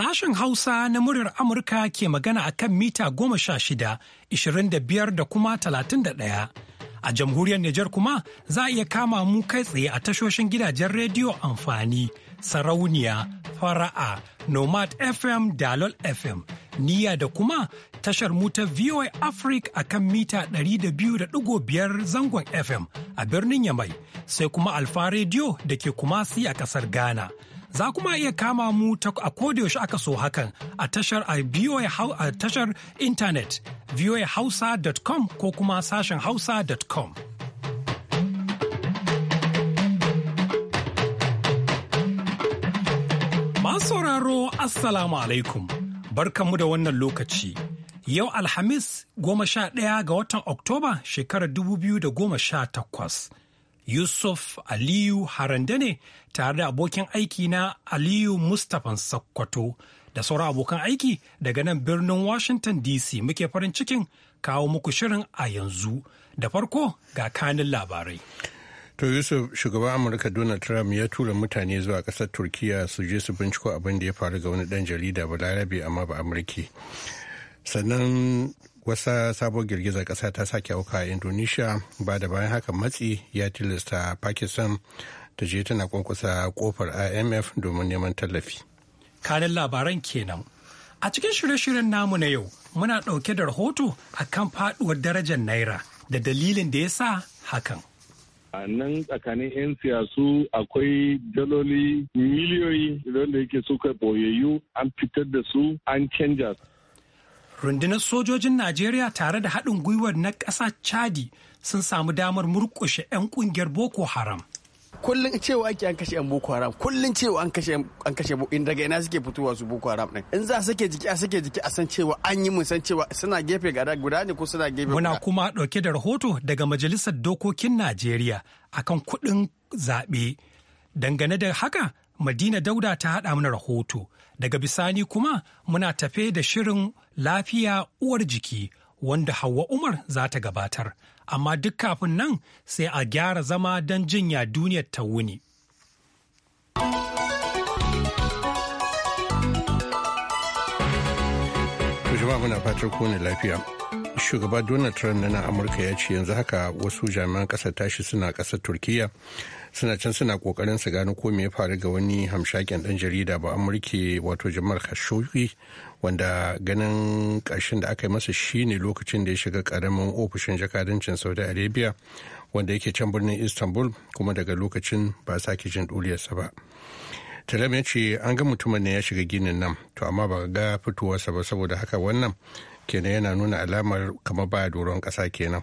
Sashen Hausa na muryar Amurka ke magana a kan mita goma sha shida, ishirin da biyar da kuma talatin da ɗaya. A jamhuriyar Nijar kuma za a iya kama mu kai tsaye a tashoshin gidajen rediyo amfani, sarauniya, fara'a, nomad FM, dalol FM, niya da kuma tashar mu ta VOA Africa a kan mita 200.5 zangon FM a birnin Yamai, sai kuma Alfa Rediyo da ke Kumasi a ƙasar Ghana. Za kuma iya kama mu ta a kodayaushe aka so hakan a tashar a tashar intanet voahausa.com ko kuma sashen hausa.com. Masu sauraro Assalamu alaikum, barkanmu da wannan lokaci. Yau Alhamis goma sha ɗaya ga watan Oktoba shekarar dubu biyu da goma sha takwas. Yusuf Aliyu Harande ne tare da abokin aiki na Aliyu Mustapha Sakkwato da sauran abokan aiki daga nan birnin Washington DC muke farin cikin kawo muku shirin a yanzu. Da farko ga kanin labarai. To Yusuf shugaban Amurka Donald Trump ya tura mutane zuwa kasar Turkiya su je su binciko abin da ya faru ga wani dan jarida balarabe amma ba Amurki. Sannan wasa sabon girgizar ƙasa ta sake auka a indonesia ba da bayan haka matsi ya tilasta pakistan ta je tana kwankwasa kofar imf domin neman tallafi kanin labaran kenan a cikin shirye-shiryen namu na yau muna ɗauke da rahoto a kan faɗuwar darajar naira da dalilin da ya sa hakan a nan tsakanin 'yan siyasu akwai daloli miliyoyi da yake suka boyayyu an fitar da su an canja rundunar sojojin najeriya tare da haɗin gwiwar na ƙasa chadi sun samu damar murƙushe 'yan ƙungiyar boko haram kullum cewa ake an kashe 'yan boko haram kullum cewa an kashe an kashe in daga ina suke fitowa su boko haram din in za sake jiki a sake jiki a san cewa an yi mun san cewa suna gefe gada guda ne ko suna gefe muna kuma dauke da rahoto daga majalisar dokokin Najeriya akan kuɗin zaɓe dangane da haka Madina Dauda ta haɗa mana rahoto Daga bisani kuma muna tafe da shirin lafiya uwar jiki wanda Hauwa Umar za ta gabatar. Amma duk kafin nan sai a gyara zama don jinya duniyar ta wuni. muna fatar lafiya shugaba donald trump na amurka ya ce yanzu haka wasu jami'an kasar tashi suna kasar Turkiyya. suna can suna kokarin su gano ko me ya faru ga wani hamshakin dan jarida ba amurke wato jamar khashoggi wanda ganin ƙarshen da aka yi masa shine lokacin da ya shiga karamin ofishin jakadancin saudi arabia wanda yake can birnin istanbul kuma daga lokacin ba sake jin duliyarsa ba talam ya ce an ga mutumin ne ya shiga ginin nan to amma ba ga fitowarsa ba saboda haka wannan kenan yana nuna alamar kamar ba doron ƙasa kenan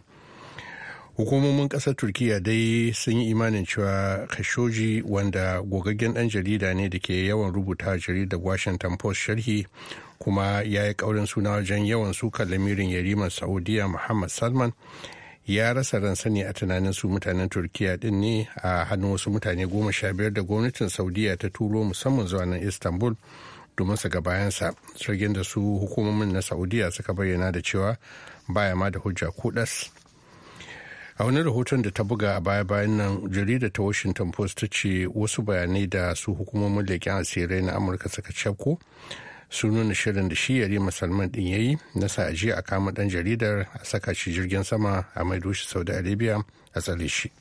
hukumomin ƙasar turkiya dai sun yi imanin cewa khashoggi wanda gogaggen dan jarida ne da ke yawan rubuta jaridar washington post sharhi kuma ya yi kaurin suna wajen yawan sukan lamirin yariman saudiya muhammad salman ya rasa ransa ne a tunanin su mutanen turkiya din ne a hannun wasu mutane goma sha biyar da gwamnatin saudiya ta turo musamman zuwa nan istanbul domin su ga bayansa jirgin da su hukumomin na saudiya suka bayyana da cewa baya ma da hujja kudas a wani rahoton da ta buga a baya-bayan nan jarida ta washington post ta ce wasu bayanai da su hukumomin leƙen asirai na amurka suka cafko su nuna shirin da shi yare musulman din yayi na sa ajiya a kama dan jaridar a saka shi jirgin sama a maido shi saudi arabia a tsare shi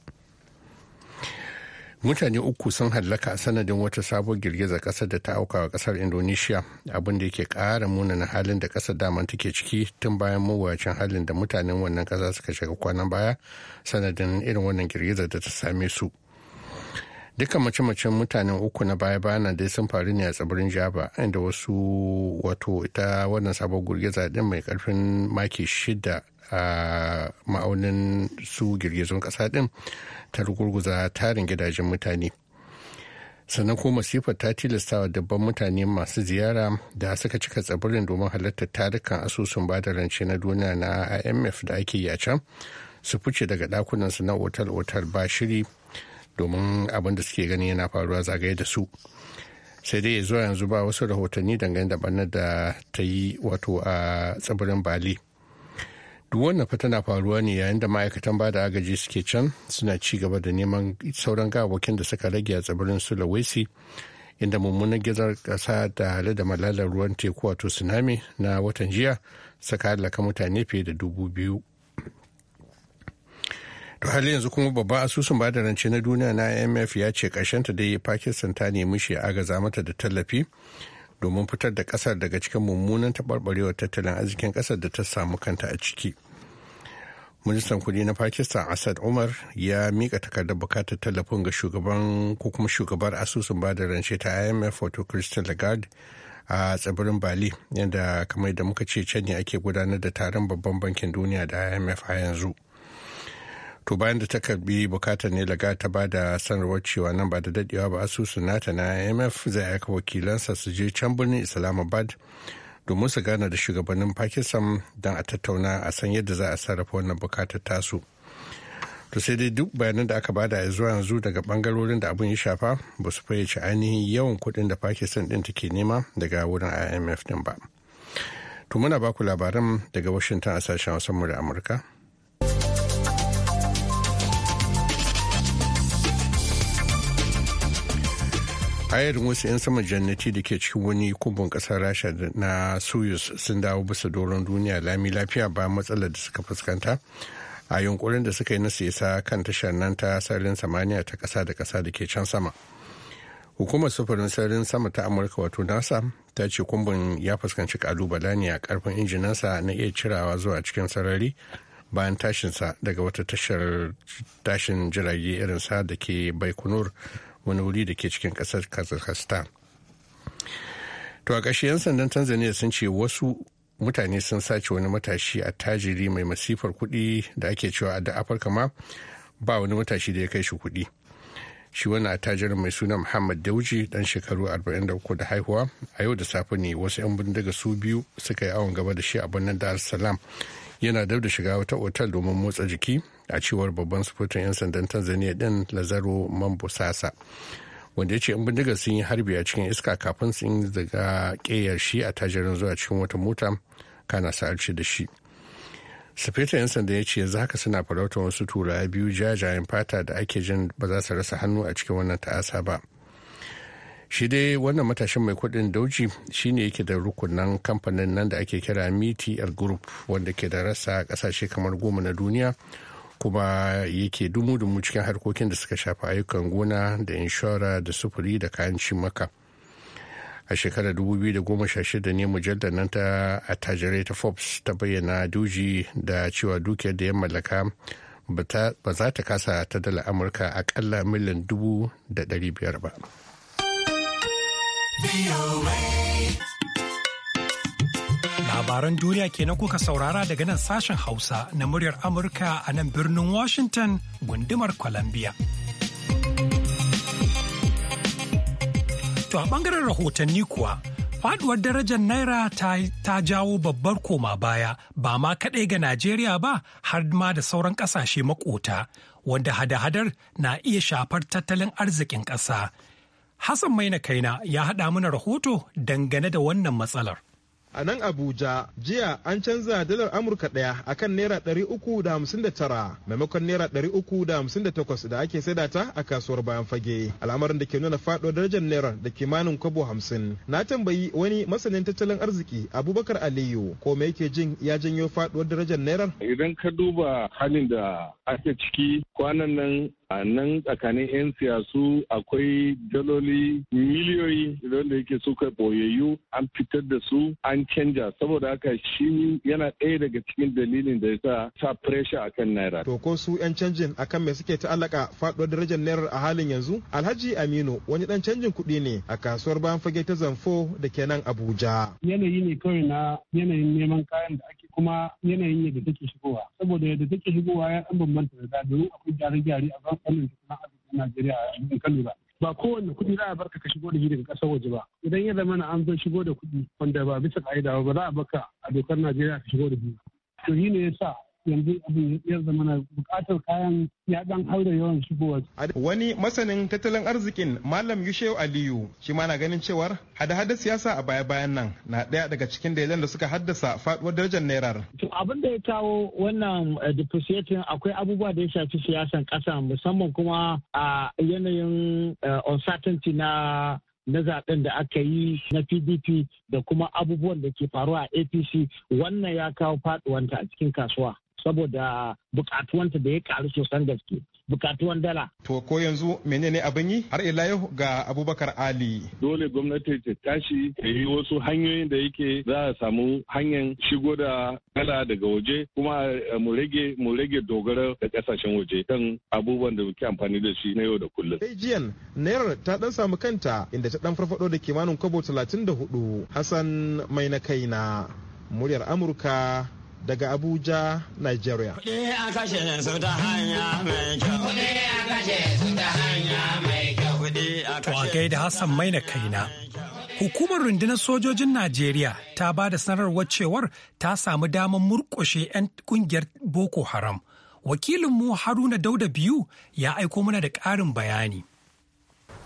mutane uku sun hallaka a sanadin wata sabuwar girgizar kasar da ta auka wa kasar indonesia abin da yake ƙara munana halin da kasar daman take ciki tun bayan mawuyacin halin da mutanen wannan kasa suka shiga kwanan baya sanadin irin wannan girgizar da ta same su dukkan mace-macen mutanen uku na baya bayan dai sun faru ne a tsibirin java inda wasu wato ita wannan sabon girgiza din mai karfin maki shida a ma'aunin su girgizon ƙasa ɗin ta rugurguza tarin gidajen mutane sannan kuma ta tilasta wa dabban mutane masu ziyara da suka cika tsibirin domin halartar tarukan asusun bada rance na duniya na imf da ake yi a can su fice daga ɗakunansu na otal-otal ba shiri domin abin da suke gani yana faruwa zagaye da su sai dai zuwa yanzu ba wasu rahotanni dangane da da ta yi wato a tsibirin bali duk wannan fa tana faruwa ne yayin da ma'aikatan bada agaji suke can suna ci gaba da neman sauran gawakin da suka rage a tsibirin sulawesi inda mummunan gizar kasa da hali da malalar ruwan teku wato tsunami na watan jiya suka halaka mutane fiye da dubu biyu to hali yanzu kuma babban asusun bada rance na duniya na imf ya ce ta dai pakistan ta nemi shi agaza mata da tallafi domin fitar da kasar daga cikin mummunan taɓarɓarewar tattalin arzikin kasar da ta samu kanta a ciki ministan kudi na pakistan asad umar ya mika takardar bukatar tallafin ga shugaban ko kuma shugabar asusun ba da rance ta imf wato christian lagarde a tsibirin bali yadda kamar da muka ce can ne ake gudanar da taron babban bankin duniya da imf a yanzu to bayan da ta karbi bukatar ne laga ta ba da sanarwar cewa nan ba da dadewa ba asusun nata na imf zai aika wakilansa su je can birnin islamabad domin su gana da shugabannin pakistan don a tattauna a san yadda za a sarrafa wannan bukatar tasu to sai dai duk bayanan da aka bada ya zuwa yanzu daga bangarorin da abin ya shafa ba su fayyace ainihin yawan kuɗin da pakistan ɗin take nema daga wurin imf ɗin ba to muna baku labaran daga washington a sashen wasan da amurka ayarin wasu 'yan sama jannati da ke cikin wani kubun kasar rasha na soyuz sun dawo bisa doron duniya lami lafiya ba matsalar da suka fuskanta a yunkurin da suka yi na siyasa kan tashar nan ta sararin samaniya ta kasa da kasa da ke can sama hukumar sufurin sararin sama ta amurka wato nasa ta ce kumbin ya fuskanci kalubala ne a karfin injinansa na iya cirawa zuwa cikin sarari bayan tashinsa daga wata tashar tashin jirage irinsa da ke baikonur wani wuri da ke cikin kasar kazakhstan to a ƙarshe 'yan sandan tanzania sun ce wasu mutane sun sace wani matashi a tajiri mai masifar kuɗi da ake cewa a da afirka ma ba wani matashi da ya kai shi kuɗi shi wani attajirin mai suna muhammad dauji dan shekaru 43 da haihuwa a yau da safe ne wasu 'yan bindiga su biyu suka yi awon gaba da shi a birnin dar salam yana dab da shiga wata otal domin motsa jiki a cewar babban sufutun 'yan sandan tanzania din lazaro mambusasa wanda ya ce in bindiga sun yi harbi a cikin iska kafin sun daga ƙeyar shi a tajirin zuwa cikin wata mota kana sa'arci da shi sufetan 'yan sanda ya ce yanzu haka suna farautar wasu turawa biyu jajayen fata da ake jin ba za su rasa hannu a cikin wannan ta'asa ba shi dai wannan matashin mai kudin dauji shine yake da rukunan kamfanin nan da ake kira miti group wanda ke da rasa kasashe kamar goma na duniya kuma yake dumu-dumu cikin harkokin da suka shafi ayyukan gona da inshora da sufuri da kayan maka a shekarar 2016 ne mujallar nan ta attajirai ta forbes ta bayyana duji da cewa dukiyar da ya mallaka ba za ta kasa ta dala amurka akalla miliyan dubu da biyar ba. Labaran duniya kenan kuka saurara daga nan sashen Hausa na muryar Amurka a nan birnin Washington gundumar Columbia. To a bangaren rahotanni kuwa, faduwar darajar Naira ta, jawo babbar koma baya ba ma kaɗai ga Najeriya ba har ma da sauran ƙasashe makota, wanda hada-hadar na iya shafar tattalin arzikin ƙasa. Hassan Maina Kaina ya haɗa mana rahoto dangane da wannan matsalar. a nan Abuja jiya an canza dalar Amurka ɗaya akan naira ɗari uku da hamsin da tara maimakon naira ɗari uku da hamsin da takwas da ake saida ta a kasuwar bayan fage al'amarin da ke nuna faɗo darajar naira da kimanin kwabo hamsin. Na tambayi wani masanin tattalin arziki Abubakar Aliyu ko me yake jin ya janyo faɗuwar darajar naira? Idan ka duba halin da ake ciki kwanan nan a nan tsakanin 'yan siyasu akwai daloli miliyoyi wanda yake suka boyayyu an fitar da su an canja saboda haka shi yana ɗaya daga cikin dalilin da ya sa sa a kan naira to ko su 'yan canjin akan me suke ta'allaka faɗuwar darajar naira a halin yanzu alhaji aminu wani ɗan canjin kuɗi ne a kasuwar bayan fage ta zamfo da ke abuja yanayi ne kawai na yanayin neman kayan da ake kuma yanayin yadda take shigowa saboda yadda take shigowa ya dan bambanta da dadi akwai gyare-gyare a ban fannin a arzikin Najeriya a cikin kano ba kowanne kuɗi za a barka ka shigo da shi daga ƙasar waje ba idan ya zama na an zo shigo da kuɗi wanda ba bisa ka'ida ba ba za a baka a dokar Najeriya ka shigo da shi to shi ne yasa yanzu abin ya zamana bukatar kayan ya dan haura yawan shigowa. Wani masanin tattalin arzikin Malam Yushew Aliyu shi ma na ganin cewar hada-hada siyasa a baya-bayan nan na ɗaya daga cikin dalilan da suka haddasa faduwar darajar naira. To abin da ya kawo wannan eh, depreciating akwai abubuwa da ya shafi siyasan ƙasa musamman kuma a yanayin eh, uncertainty na na zaben da aka yi na pdp da kuma abubuwan da ke faruwa a apc wannan ya kawo faɗuwanta a cikin kasuwa saboda bukatuwanta da ya karu sosan gaske bukatuwan dala. To ko yanzu menene abin yi har ila yau ga Abubakar Ali. Dole gwamnati ta tashi ta yi wasu hanyoyin da yake za a samu hanyar shigo da dala daga waje kuma eh, mu rage mu rage dogara da kasashen waje kan abubuwan da muke amfani da shi na yau da kullum. Jiyan Naira ta dan samu kanta inda ta dan farfado da kimanin kwabo hudu, Hassan mai na kai na muryar Amurka daga Abuja, Nigeria. Kuɗi a kashe mai kyau. Kuɗi da Hassan mai na kaina. Hukumar rundunar sojojin Najeriya ta ba da sanarwar cewar ta samu damar murƙushe 'yan ƙungiyar Boko Haram. Wakilinmu Haruna Dauda biyu ya aiko mana da ƙarin bayani.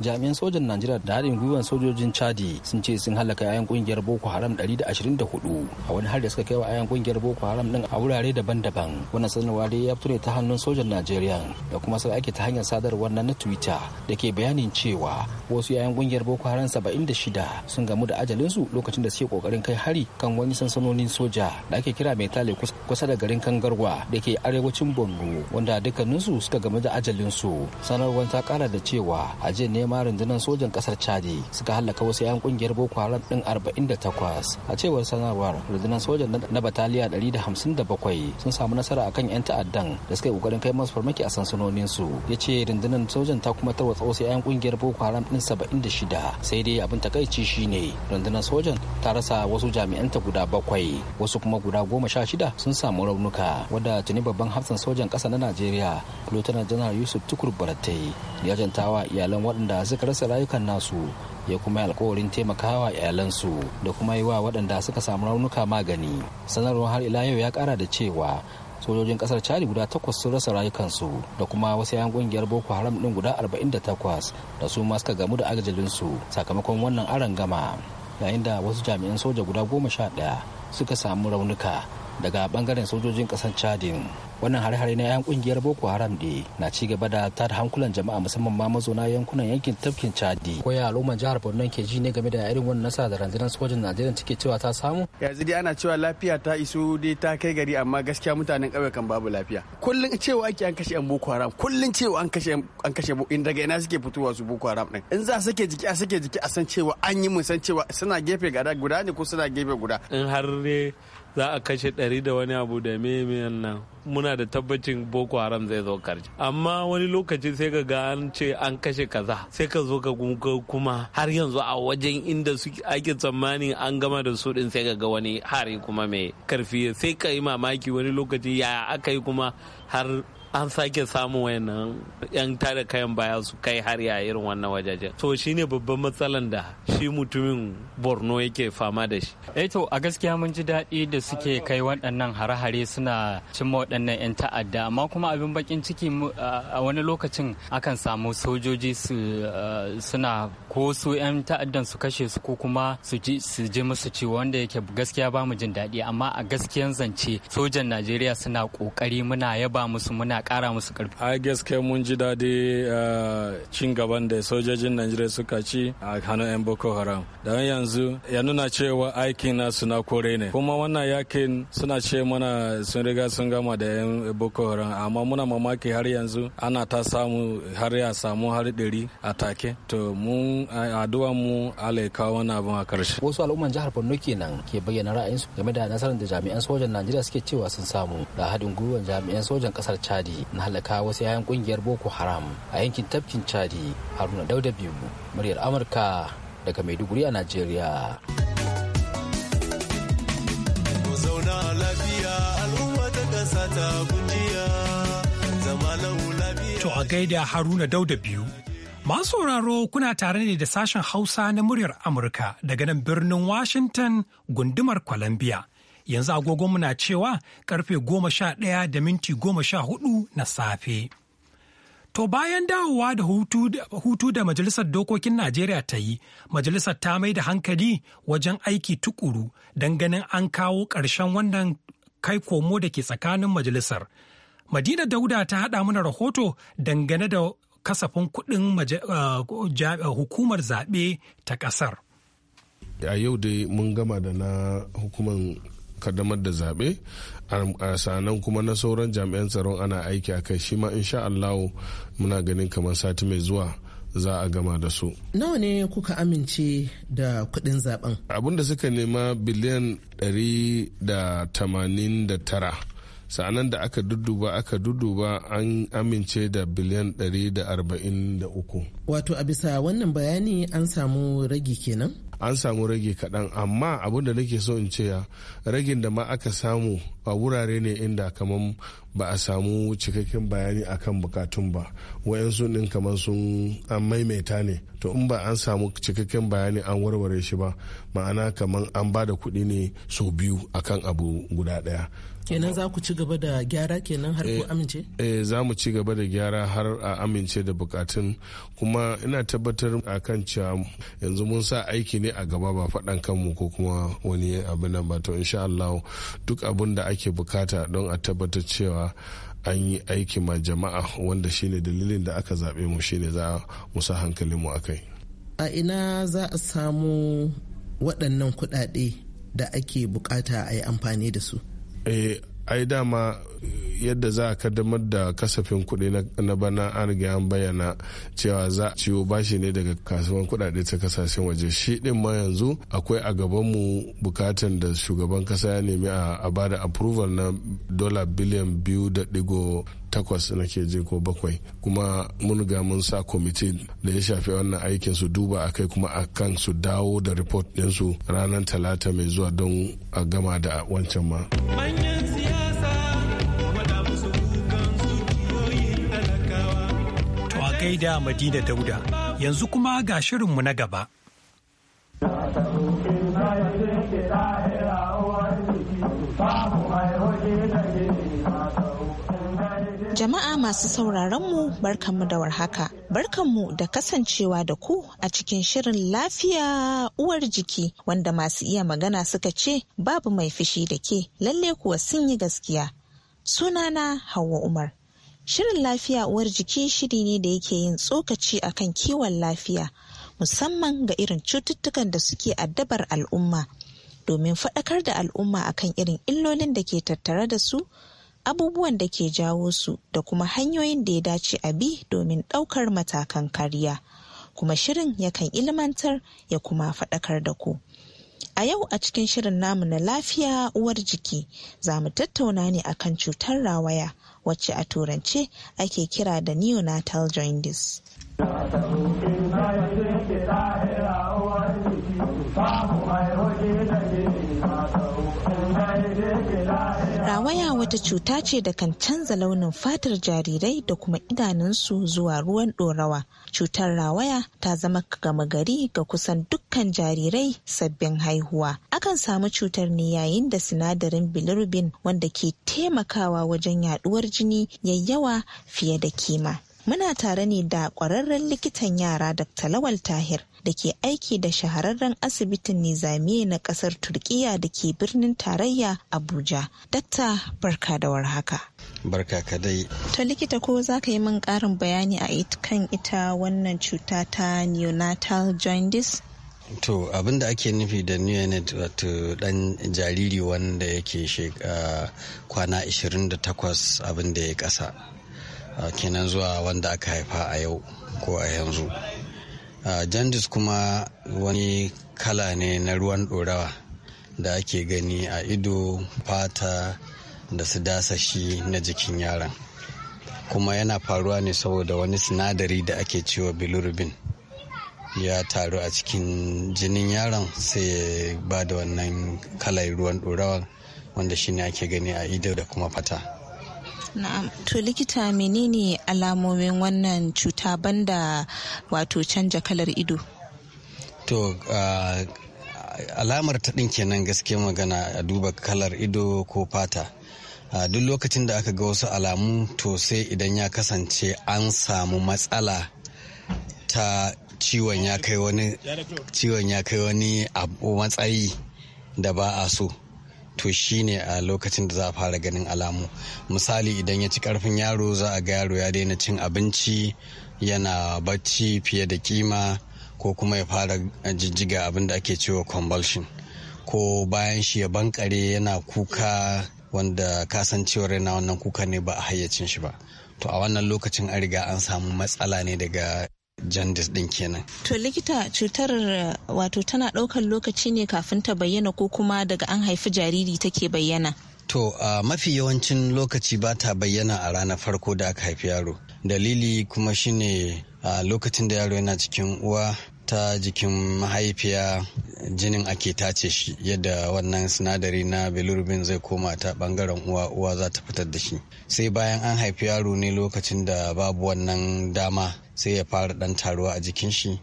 jami'an sojan najeriya da haɗin gwiwar sojojin chadi sun ce sun halaka yayan kungiyar boko haram ɗari da ashirin hudu a wani har da suka kai wa yayan kungiyar boko haram din a wurare daban-daban wannan sanarwa dai ya fito ne ta hannun sojan najeriya da kuma sai ake ta hanyar sadarwar na twitter da ke bayanin cewa wasu yayan kungiyar boko haram saba'in da shida sun gamu da ajalin su lokacin da suke kokarin kai hari kan wani sansanonin soja da ake kira mai tale kusa da garin kangarwa da ke arewacin borno wanda dukkaninsu suka gamu da ajalin su sanarwar ta kara da cewa a jiya ma rundunar sojan kasar chadi suka halaka wasu 'yan kungiyar boko haram din 48 a cewar sanarwar rundunar sojan na bataliya 157 sun samu nasara akan 'yan ta'addan da suka yi kokarin kai masu farmaki a sansanonin su ya ce rundunar sojan ta kuma tarwatsa wasu 'yan kungiyar boko haram din 76 sai dai abin takaici shine rundunar sojan ta rasa wasu jami'an ta guda bakwai wasu kuma guda goma sha shida sun samu raunuka wanda tuni babban hafsan sojan kasa na najeriya lieutenant general yusuf tukur baratai ya jantawa iyalan waɗanda suka rasa rayukan nasu ya kuma yi alkawarin taimakawa iyalansu da kuma yi wa waɗanda suka samu raunuka magani sanarwar har ila yau ya kara da cewa sojojin kasar chari guda takwas sun rasa rayukansu da kuma wasu yan kungiyar boko haram ɗin guda arba'in da takwas su ma suka gamu da agajalinsu sakamakon wannan aron gama yayin da wasu jami'an soja guda goma sha ɗaya suka samu raunuka daga bangaren sojojin kasar chadin wannan hare-hare na 'yan kungiyar boko haram ne na ci gaba da tada hankulan jama'a musamman ma mazauna yankunan yankin tafkin chadi ko ya al'umman jihar borno ke ji ne game da irin wannan nasara da rundunar sojojin najeriya take cewa ta samu yanzu dai ana cewa lafiya ta iso dai ta kai gari amma gaskiya mutanen ƙauye kan babu lafiya kullum cewa ake an kashe 'yan boko haram kullum cewa an kashe an kashe in daga ina suke fitowa su boko haram din in za a sake jiki a sake jiki a san cewa an yi mun san cewa suna gefe guda ne ko suna gefe guda in har za a kashe ɗari da wani abu da memiyan nan muna da tabbacin boko haram zai zo karshe amma wani lokaci sai ka ga an ce an kashe kaza sai ka zo ka kuma har yanzu a wajen inda ake tsammani an gama da su din sai ka ga wani hari kuma mai karfi sai ka yi mamaki wani lokaci ya aka yi kuma har an sake samun wayannan yan tada kayan baya su kai har ya irin wannan wajajen to shine babban matsalan da shi mutumin borno yake fama da shi eh to a gaskiya mun ji daɗi da suke kai waɗannan hare-hare suna cimma waɗannan 'yan ta'adda amma kuma abin bakin ciki a wani lokacin akan samu sojoji su suna ko su 'yan ta'addan su kashe su ko kuma su je musu ci wanda yake gaskiya ba mu jin daɗi amma a gaskiyan zance sojan najeriya suna kokari muna yaba musu muna kara musu ƙarfi a gaskiya mun ji daɗi cin gaban da sojojin najeriya suka ci a hannun 'yan boko haram don yanzu ya nuna cewa aikin na suna kore ne kuma wannan yakin suna ce mana sun riga sun gama da 'yan boko haram amma muna mamaki har yanzu ana ta samu har ya samu har ɗari a take to mun addu'a mu ala ya kawo wani abin a karshe wasu al'umman jihar Borno kenan ke bayyana ra'ayinsu game da nasarar da jami'an sojan Najeriya suke cewa sun samu da haɗin gwiwar jami'an sojan ƙasar Chadi na halaka wasu yayan ƙungiyar Boko Haram a yankin tafkin Chadi Haruna Dauda biyu muryar Amurka daga Maiduguri a Najeriya. To a gaida Haruna Dauda biyu. Masu sauraro kuna tare ne da sashen Hausa na muryar Amurka daga nan birnin Washington gundumar Columbia. Yanzu agogonmu na cewa karfe goma sha ɗaya da minti goma sha hudu na safe. To bayan dawowa da hutu da Majalisar Dokokin Najeriya ta yi, Majalisar ta mai da hankali wajen aiki tukuru don ganin an kawo ƙarshen wannan kai komo da ke tsakanin majalisar. Madina Dauda ta haɗa mana rahoto dangane da kasafin kuɗin uh, uh, hukumar zaɓe ta ƙasar. A yau dai mun gama da na hukumar kaddamar da zaɓe um, sannan kuma na sauran jami'an tsaron ana aiki a kai shi ma insha muna ganin kamar sati mai zuwa za a gama da su. Nawa ne kuka amince da kuɗin zaben? Abin da suka nema biliyan 189. sa'anan da aka dudduba aka dudduba an amince da biliyan 143. Wato a bisa wannan bayani an samu ragi kenan? an samu rage kaɗan amma abin da nake so in ce ya ragin da ma aka samu a wurare ne inda kamar ba a samu cikakken bayani akan bukatun ba wayansu ɗin kamar sun an maimaita ne to in ba an samu cikakken bayani an warware shi ba ma'ana kamar an ba da kuɗi ne sau biyu akan abu guda ɗaya kenan za ku ci gaba da gyara kenan har ku eh, amince eh za mu ci gaba da gyara har a amince da bukatun kuma ina tabbatar a kan cewa yanzu mun sa aiki ne a gaba ba faɗan kanmu ko kuma wani abu nan ba to insha Allah duk abin da ake bukata don a tabbatar cewa an yi aiki ma jama'a wanda shine dalilin da aka zaɓe mu shine za mu sa hankali mu akai. a ina za a samu waɗannan kuɗaɗe da ake bukata a yi amfani da su Eh, ai dama eh, yadda za a kaddamar da kasafin kuɗi na bana an an bayyana cewa za a ciwo bashi ne daga kasuwan kuɗaɗe ta kasashen waje shi ɗin ma yanzu akwai a gabanmu bukatan da shugaban kasa ya nemi a bada approval na dola biliyan biyu da ɗigo. takwas nake je ko bakwai kuma mun ga mun sa kwamiti da ya shafi wannan aikin su duba kai kuma a kan su dawo da report ɗinsu ranar talata mai zuwa don a gama da wancan ma. Manyan gaida Madina Dauda. Yanzu kuma ga shirinmu na gaba. Jama'a masu sauraronmu barkanmu da warhaka. Barkanmu da kasancewa da ku a cikin shirin lafiya uwar jiki wanda masu iya magana suka ce babu mai fishi da ke lalle kuwa sun yi gaskiya. Sunana Hauwa Umar. Shirin lafiya uwar jiki shiri ne da yake yin tsokaci akan kiwon lafiya musamman ga irin cututtukan da suke addabar al'umma domin faɗakar da al'umma akan irin illolin da ke tattare da su abubuwan da ke jawo su da kuma hanyoyin da ya dace a bi domin ɗaukar matakan kariya. Kuma shirin yakan ilmantar ya kuma faɗakar da ku. A yau a cikin shirin namu na lafiya uwar jiki za mu tattauna ne akan cutar rawaya wacce a turance ake kira da neonatal jaundice. Rawaya wata cuta ce da kan canza launin fatar jarirai da kuma idanunsu zuwa ruwan ɗorawa. Cutar rawaya ta zama gama gari ga kusan dukkan jarirai sabbin haihuwa. Akan samu cutar ne yayin da sinadarin bilirubin wanda ke taimakawa wajen Yaɗuwar jini yayi yawa fiye da kima. muna tare ne da kwararren likitan yara Dr. Lawal Tahir da ke aiki da shahararren asibitin nizamiya na kasar Turkiya da ke birnin tarayya Abuja. Dr. Barka da warhaka. Barka ka dai. Ta likita ko za ka yi min ƙarin bayani a kan ita wannan cuta ta neonatal jaundice? To abin da ake nufi da neonate wato dan jariri wanda yake kwana 28 abin da ya kasa kenan zuwa wanda aka haifa a yau ko a yanzu jandis kuma wani kala ne na ruwan ɗorawa da ake gani a ido fata da su dasashi na jikin yaron kuma yana faruwa ne saboda wani sinadari da ake cewa bilirubin ya taru a cikin jinin yaron sai ya ba da wannan kalar ruwan ɗorawa wanda shine ake gani a ido da kuma fata Na'am, to likita menene alamomin wannan cuta banda wato canja kalar ido? To, uh, alamar ta kenan gaske magana a duba kalar ido ko fata. Uh, duk lokacin da aka ga wasu alamu to sai idan ya kasance an samu matsala ta ciwon ya kai wani matsayi da ba a so. to shi ne a lokacin da za a fara ganin alamu misali idan ya ci karfin yaro za a ga yaro ya daina cin abinci yana bacci fiye da kima ko kuma ya fara jijjiga abin da ake cewa convulsion ko bayan shi ya bankare yana kuka wanda kasancewar yana wannan kuka ne ba a hayyacin shi ba to a wannan lokacin an riga an samu matsala ne daga jandis din kenan. To likita cutar eh, wato tana ɗaukar lokaci ne kafin ta bayyana ko kuma daga an haifi jariri take bayyana? To a mafi yawancin lokaci ba ta bayyana a ranar farko da aka haifi yaro. Dalili kuma shine lokacin da yaro yana cikin uwa ta jikin mahaifiya jinin ake tace shi yadda wannan sinadari na bilirubin zai koma ta bangaren uwa uwa za ta fitar da shi sai bayan an haifi yaro ne lokacin da babu wannan dama sai ya fara dan taruwa a jikin shi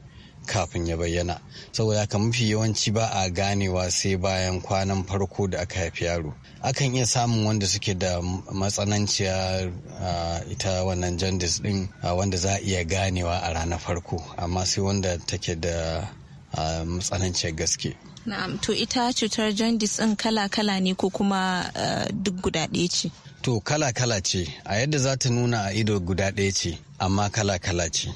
kafin ya bayyana saboda haka mafi yawanci ba a ganewa sai bayan kwanan farko da aka haifi yaro akan iya samun wanda suke da matsananciya ita wannan jandis din wanda za a iya ganewa a ranar farko amma sai wanda take da matsananciyar gaske na'am to ita cutar jandis din kala-kala ne ko kuma duk guda ɗaya ce to kala-kala ce a yadda za ta nuna a ido guda ɗaya ce amma kala-kala ce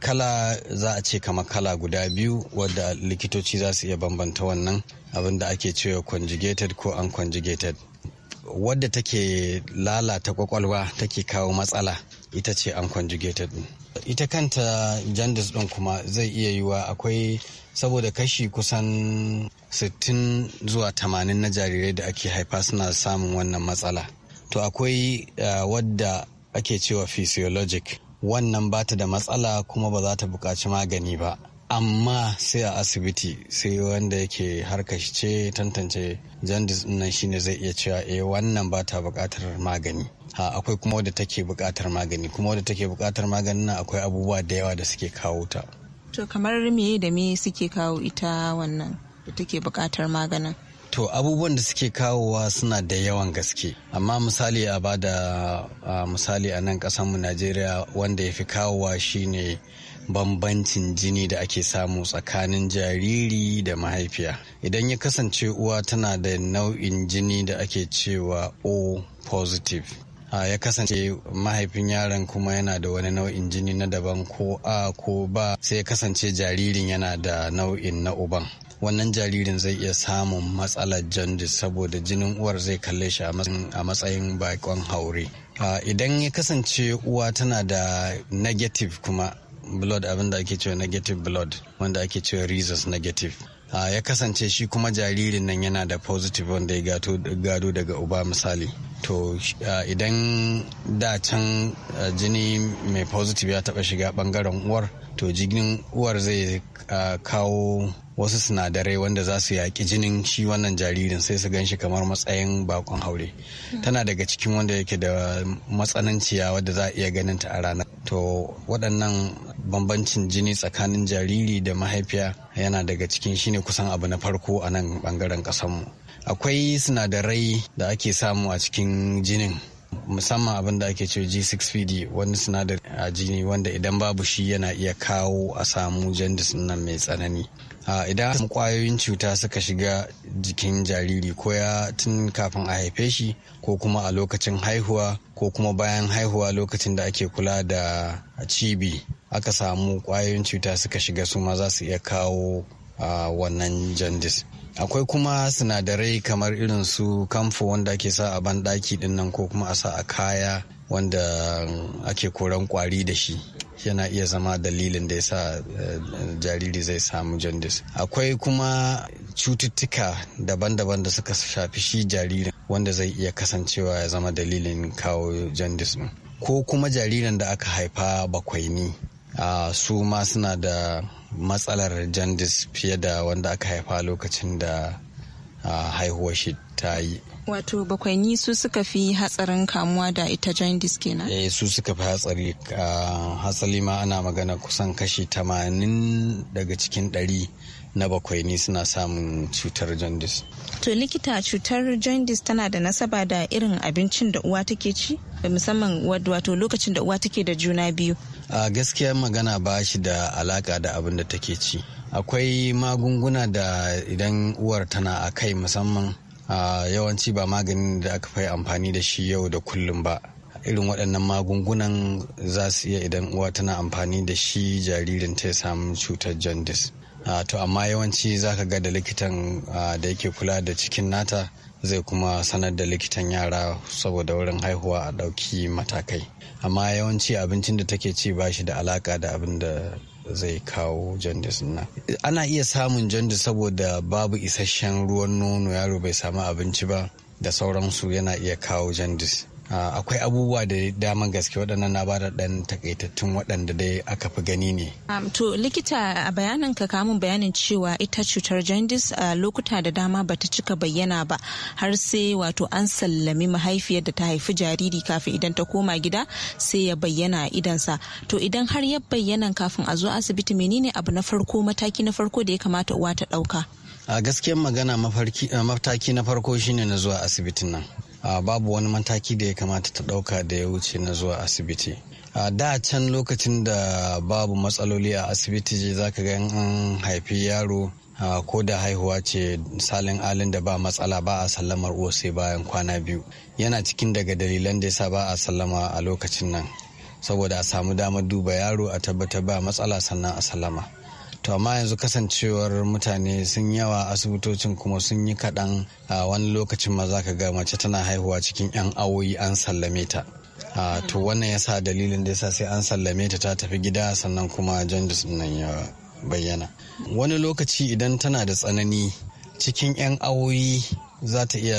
kala za a ce kama kala guda biyu wadda likitoci za su iya bambanta wannan abin da ake cewa conjugated ko unconjugated wadda take lalata kwakwalwa take kawo matsala ita ce unconjugated ita kanta jandis ɗin kuma zai iya yiwa akwai saboda kashi kusan 60 zuwa 80 na jarirai da ake haifa suna samun wannan matsala to akwai uh, wadda ake cewa physiologic wannan ba ta da matsala kuma ba za ta buƙaci magani ba amma sai a asibiti sai wanda yake harkashi ce tantance jandis nan shine zai iya cewa eh wannan ba ta buƙatar magani ha akwai kuma wadda take buƙatar magani kuma wadda take buƙatar maganin nan akwai abubuwa da yawa da suke kawo ta to kamar me da me suke kawo ita wannan da take buƙatar maganin To abubuwan da suke kawowa suna da yawan gaske. Amma misali a bada misali a nan mu Najeriya wanda ya fi kawowa shine bambancin jini da ake samu tsakanin jariri da mahaifiya. Idan ya kasance uwa tana da nau'in jini da ake cewa O positive. ya kasance mahaifin yaron kuma yana da wani nau'in jini na daban ko a ko ba sai ya kasance jaririn yana da nau'in na uban wannan jaririn zai iya samun matsalar jaundice saboda jinin uwar zai kalle shi a matsayin bakon haure idan ya kasance uwa tana da negative kuma blood abinda da ake cewa negative blood wanda ake cewa rhesus negative ya kasance shi kuma jaririn nan yana da positive wanda ya gado daga uba misali to idan da can jini mai positive ya taba shiga bangaren uwar to jinin uwar zai kawo wasu sinadarai wanda za su yaƙi jinin shi wannan jaririn sai su gan shi kamar matsayin bakon haure tana daga cikin wanda yake da matsananciya wadda za a iya ganin ta a rana to waɗannan bambancin jini tsakanin jariri da mahaifiya yana daga cikin shine kusan abu na farko a nan ɓangaren ƙasanmu akwai sinadarai da ake samu a cikin jinin musamman abin da ake cewa G6PD wani sinadari a jini wanda idan babu shi yana iya kawo a samu jandis nan mai tsanani. Idan kwayoyin cuta suka shiga jikin jariri ko ya tun kafin a haife shi ko kuma a lokacin haihuwa ko kuma bayan haihuwa lokacin da ake kula da cibi aka samu kwayoyin cuta suka shiga su ma za su iya kawo wannan jandis. akwai kuma sinadarai kamar irin su kamfo wanda ake sa a banɗaki ɗin nan ko kuma a sa a kaya wanda ake koran kwari da shi yana iya zama dalilin da ya sa eh, jariri zai samu jandis akwai kuma cututtuka daban-daban da suka shafi shi jaririn wanda zai iya kasancewa ya zama dalilin kawo jandis ko kuma jaririn da aka haifa bakwai ne. su ma suna da matsalar jandis fiye da wanda aka haifa lokacin da haihuwar shi ta yi wato bakwaini su suka fi hatsarin kamuwa da ita jandis kenan eh su suka fi hatsari hatsali ma ana magana kusan kashi tamanin daga cikin ɗari na bakwai bakwaini suna samun cutar jaundice to likita cutar jaundice tana da nasaba da irin abincin da uwa take ci musamman wato lokacin da uwa take da juna biyu a gaskiya magana ba shi da alaka da abin da take ci akwai magunguna da idan uwar tana a kai musamman yawanci ba maganin da aka fi amfani da shi yau da kullum ba irin waɗannan magungunan za su iya idan uwa tana amfani da shi jaririnta ya samu cutar jaundice to amma yawanci za ka ga da likitan da yake kula da cikin nata zai kuma sanar da likitan yara saboda wurin haihuwa a ɗauki matakai amma yawanci abincin da take ci ba shi da alaka da abin da zai kawo jandis na ana iya samun jandis saboda babu isasshen ruwan nono yaro bai samu abinci ba da sauransu yana iya kawo jandis Ah, akwai abubuwa da daman gaske waɗannan na ba da ɗan takaitattun waɗanda dai aka fi gani ne. Um, to likita a bayanin ka kamun bayanin cewa ita cutar jandis a ah, lokuta da dama ba ta cika bayyana ba har sai wato an sallami mahaifiyar da ta haifi jariri kafin idan ta koma gida sai ya bayyana a idansa to idan har ya bayyana kafin a zo asibiti menene abu na farko mataki na farko da ya kamata uwa ta ɗauka. a gaskiyar magana eh, mataki na farko shine na zuwa asibitin nan Ah, babu wani mataki da ya kamata ta ɗauka da ya wuce na zuwa asibiti a ah, da can lokacin da babu matsaloli a asibiti za ka ga an haifi yaro ah, ko da haihuwa ce salin alin da ba matsala ba a sallamar uwa sai bayan kwana biyu yana cikin daga dalilan da ya sa ba a sallama a lokacin nan saboda a samu damar duba yaro a tabbatar ba matsala sannan a sallama to amma yanzu kasancewar mutane sun yawa asibitocin kuma sun yi kaɗan a wani lokacin ma za ka ga mace tana haihuwa cikin 'yan awoyi an sallame ta to wannan ya sa dalilin da ya sai an sallame ta ta tafi gida sannan kuma jaundice nan ya bayyana wani lokaci idan tana da tsanani cikin 'yan awoyi za ta iya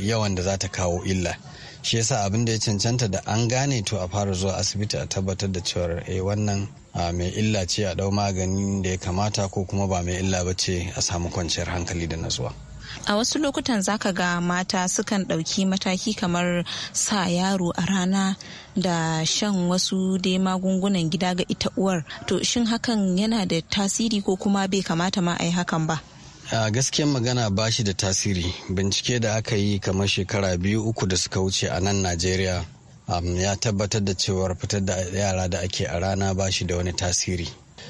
yawan da za ta kawo illa shi yasa abin da ya cancanta da an gane to a fara zuwa asibiti a tabbatar da cewar eh wannan mai illa ce a dau maganin da ya kamata ko kuma ba mai illa ba ce a samu kwanciyar hankali da natsuwa. a wasu lokutan zaka ga mata sukan ɗauki mataki kamar sa yaro a rana da shan wasu dai magungunan gida ga ita uwar to shin hakan yana da tasiri ko kuma bai kamata ma a yi hakan ba a gaskiyar magana bashi da tasiri bincike da aka yi kamar shekara biyu uku da suka wuce a nan najeriya Um, ya tabbatar da cewar fitar da yara da ake a rana ba shi da wani tasiri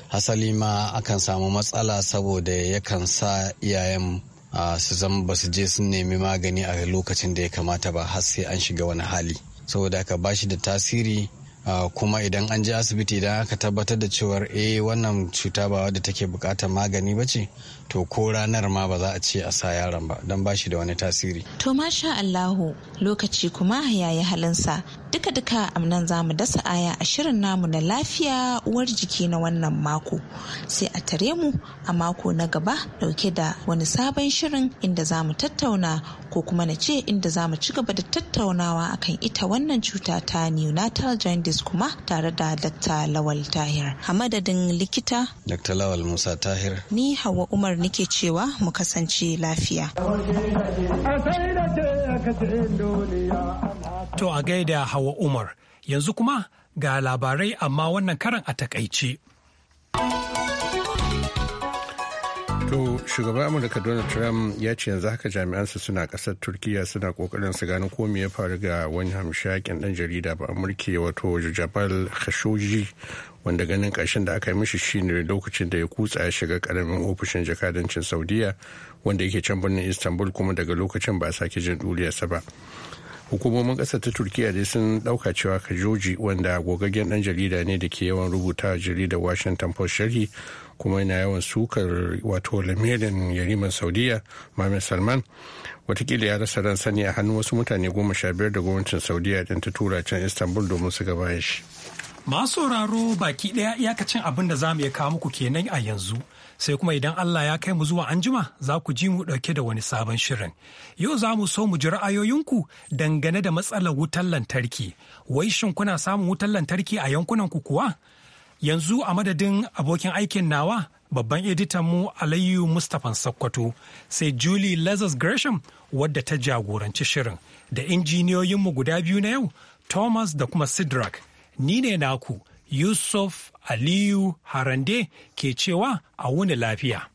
hasali ma akan samu matsala saboda yakan sa iyayen uh, su zama ba su je sun nemi magani a lokacin da ya kamata ba har sai an shiga wani hali saboda haka ba shi da tasiri Ah, kuma idan an je asibiti idan aka tabbatar da cewar eh wannan cuta ba wadda take bukatar magani ba ce to ko ranar ma ba za a ce a sa yaron ba don ba shi da wani tasiri. To masha Allahu lokaci kuma yayi halinsa duka duka amnan za mu dasa aya a shirin namu na lafiya uwar jiki na wannan mako sai a tare mu a mako na gaba dauke da wani sabon shirin inda za mu tattauna ko kuma na ce inda za mu ci gaba da tattaunawa akan ita wannan cuta ta neonatal joint kuma tare da Dr. Lawal Tahir. A madadin likita Dr. Lawal Musa Tahir. Ni Hawa Umar nike cewa mu kasance lafiya. To a gaida Hawa Umar yanzu kuma ga labarai amma wannan karan a takaice. To shugaban Amurka Donald Trump ya ce yanzu haka jami'ansa suna ƙasar turkiyya suna kokarin su gano ko me ya faru ga wani hamshakin dan jarida ba Amurka wato Jabal Khashoggi wanda ganin ƙarshen da aka yi mishi shine lokacin da ya kutsa ya shiga karamin ofishin jakadancin Saudiya wanda yake can birnin Istanbul kuma daga lokacin ba a sake jin duliyarsa ba. hukumomin ƙasar ta turkiya dai sun ɗauka cewa kajoji wanda gogaggen ɗan jarida ne da ke yawan rubuta jaridar washington post sharhi kuma yana yawan sukar wato lamirin yariman saudiya mohammed salman watakila ya rasa ran sani a hannun wasu mutane goma sha biyar da gwamnatin saudiya din ta tura can istanbul domin su gaba shi masu sauraro baki daya iyakacin abin da za mu iya kawo muku kenan a yanzu sai kuma idan Allah ya kai mu zuwa anjima za ku ji mu dauke da wani sabon shirin. Yau za mu so mu ji ra'ayoyinku dangane da matsalar wutar lantarki. Wai shin kuna samun wutar lantarki a yankunan ku kuwa? yanzu a madadin abokin aikin nawa babban editanmu Alayyu Mustapha Sakkwato sai Julie Lazarus Gresham wadda ta jagoranci shirin da injiniyoyinmu guda biyu na yau Thomas da kuma Sidrak. Ni ne naku Yusuf Aliyu Harande ke cewa a wuni lafiya.